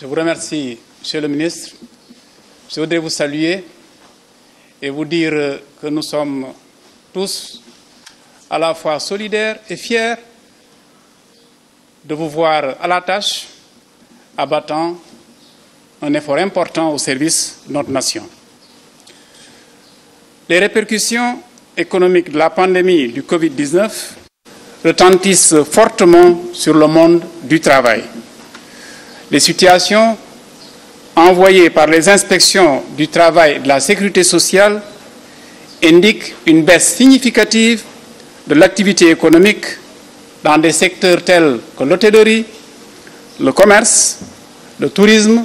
Je vous remercie, Monsieur le ministre. Je voudrais vous saluer et vous dire que nous sommes tous à la fois solidaires et fiers de vous voir à la tâche, abattant un effort important au service de notre nation. Les répercussions économiques de la pandémie du Covid-19 retentissent fortement sur le monde du travail les situations envoyées par les inspections du travail et de la sécurité sociale indiquent une baisse significative de l'activité économique dans des secteurs tels que l'hôtellerie, le commerce, le tourisme,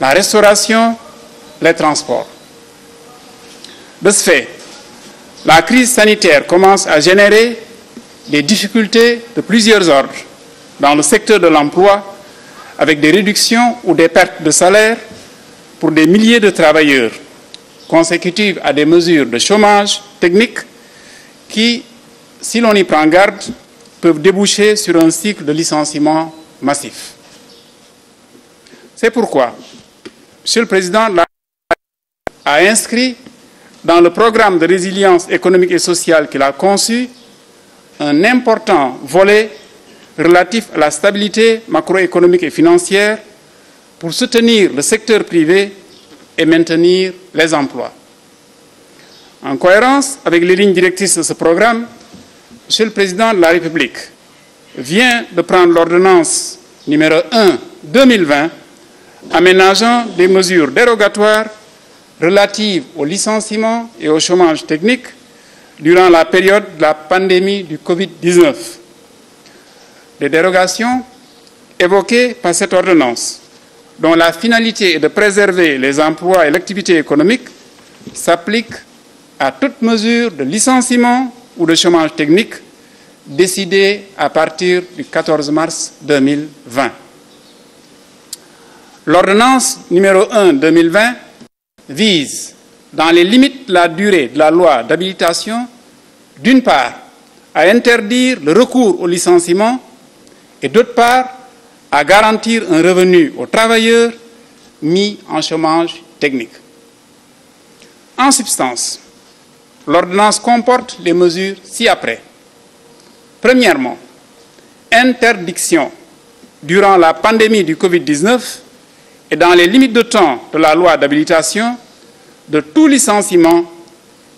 la restauration, les transports. De ce fait, la crise sanitaire commence à générer des difficultés de plusieurs ordres dans le secteur de l'emploi avec des réductions ou des pertes de salaire pour des milliers de travailleurs consécutives à des mesures de chômage technique qui, si l'on y prend garde, peuvent déboucher sur un cycle de licenciement massif. C'est pourquoi, M. le Président, la a inscrit dans le programme de résilience économique et sociale qu'il a conçu un important volet relatif à la stabilité macroéconomique et financière pour soutenir le secteur privé et maintenir les emplois. En cohérence avec les lignes directrices de ce programme, M. le Président de la République vient de prendre l'ordonnance numéro 1 2020 aménageant des mesures dérogatoires relatives au licenciement et au chômage technique durant la période de la pandémie du Covid-19 des dérogations évoquées par cette ordonnance, dont la finalité est de préserver les emplois et l'activité économique, s'applique à toute mesure de licenciement ou de chômage technique décidée à partir du 14 mars 2020. L'ordonnance numéro 1 2020 vise, dans les limites de la durée de la loi d'habilitation, d'une part, à interdire le recours au licenciement et d'autre part à garantir un revenu aux travailleurs mis en chômage technique. En substance, l'ordonnance comporte les mesures ci-après. Premièrement, interdiction durant la pandémie du Covid-19 et dans les limites de temps de la loi d'habilitation de tout licenciement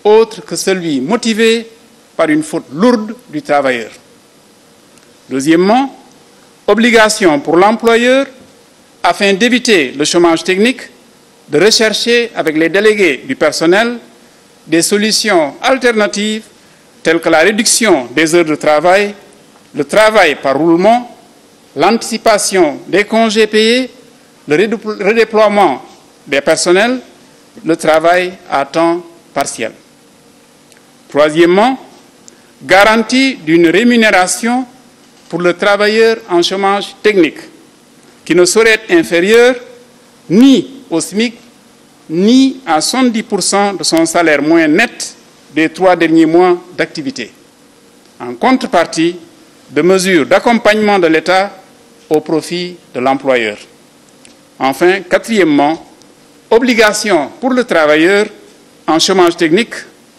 autre que celui motivé par une faute lourde du travailleur. Deuxièmement, obligation pour l'employeur, afin d'éviter le chômage technique, de rechercher avec les délégués du personnel des solutions alternatives telles que la réduction des heures de travail, le travail par roulement, l'anticipation des congés payés, le redéploiement des personnels, le travail à temps partiel. Troisièmement, garantie d'une rémunération pour le travailleur en chômage technique, qui ne saurait être inférieur ni au SMIC ni à 70% de son salaire moyen net des trois derniers mois d'activité, en contrepartie de mesures d'accompagnement de l'État au profit de l'employeur. Enfin, quatrièmement, obligation pour le travailleur en chômage technique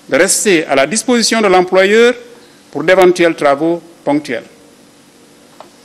de rester à la disposition de l'employeur pour d'éventuels travaux ponctuels.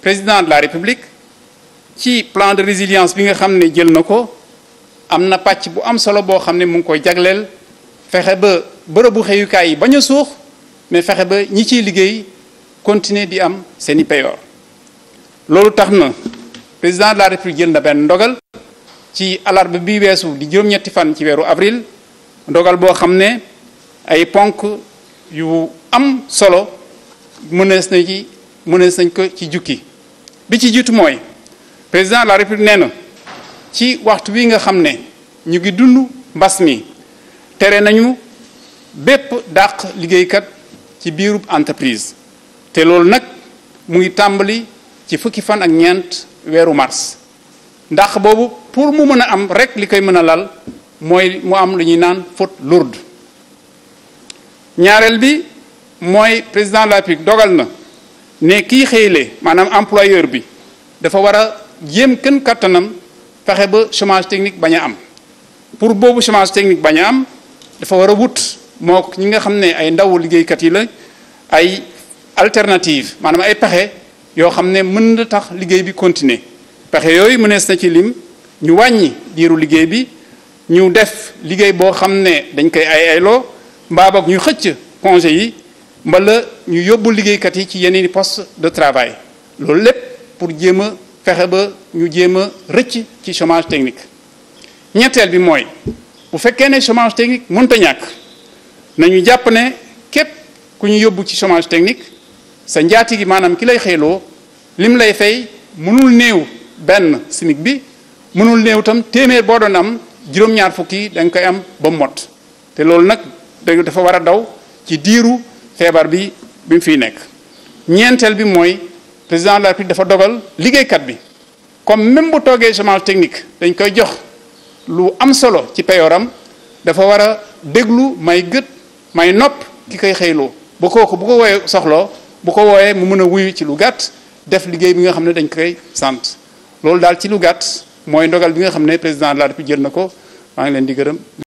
président de la république qui, plan de résilience bi nga nous plan de résilience am am solo bo xam mu ngi jaglel yi mais continuer di am seni président de la république jël na ben ndogal ci alarba bi di plan ñetti fan ci avril ndogal bo ay ponk yu am solo mënees nañ ko ci jukki bi ci jiitu mooy président la république nee na ci waxtu wi nga xam ne ñu ngi dund mbas mi tere nañu bépp dàq liggéeykat ci biiru entreprise te loolu nag mu ngi tàmbali ci fukki fan ak ñeent weeru mars ndax boobu pour mu mën a am rek li koy mën a lal mooy mu am lu ñuy naan faute lourde ñaareel bi mooy président la République dogal na ne kii xëyle maanaam employeur bi dafa war a jéem kën kattanam fexe ba chômage technique bañ a am pour boobu chômage technique bañ a am dafa war a wut mook ñi nga xam ne ay ndaw liggéeykat yi la ay alternative maanaam ay pexe yoo xam ne mën na tax liggéey bi continuer pexe yooyu mënees na ci lim ñu wàññi diiru liggéey bi ñu def liggéey boo xam ne dañ koy ay ayloo mbaabak boog ñu xëcc congé yi mbala ñu yóbbu liggéeykat yi ci yeneen i de travail loolu lépp pour jéem a fexe ba ñu jéem a rëcc ci chômage technique ñetteel bi mooy bu fekkee ne chômage technique mënta ñàkk nañu jàpp ne képp ku ñu yóbbu ci chômage technique sa njaati gi maanaam ki lay xeeloo lim lay fay mënul néew benn SMIC bi mënul néew tam téeméer boo doon am juróom-ñaar fukki da nga koy am ba mott te loolu nag dafa war daw ci diiru feebar bi bi mu fiy nekk ñeenteel bi mooy président de la République dafa dogal liggéeykat bi comme même bu toogee chômage technique dañ koy jox lu am solo ci peyooram dafa war a déglu may gët may nopp ki koy xëyloo bu kooku bu ko wooyee soxloo bu ko wooyee mu mën a wuyu ci lu gàtt def liggéey bi nga xam ne dañ koy sant loolu daal ci lu gàtt mooy ndogal bi nga xam ne président de la République jël na ko maa ngi leen di gërëm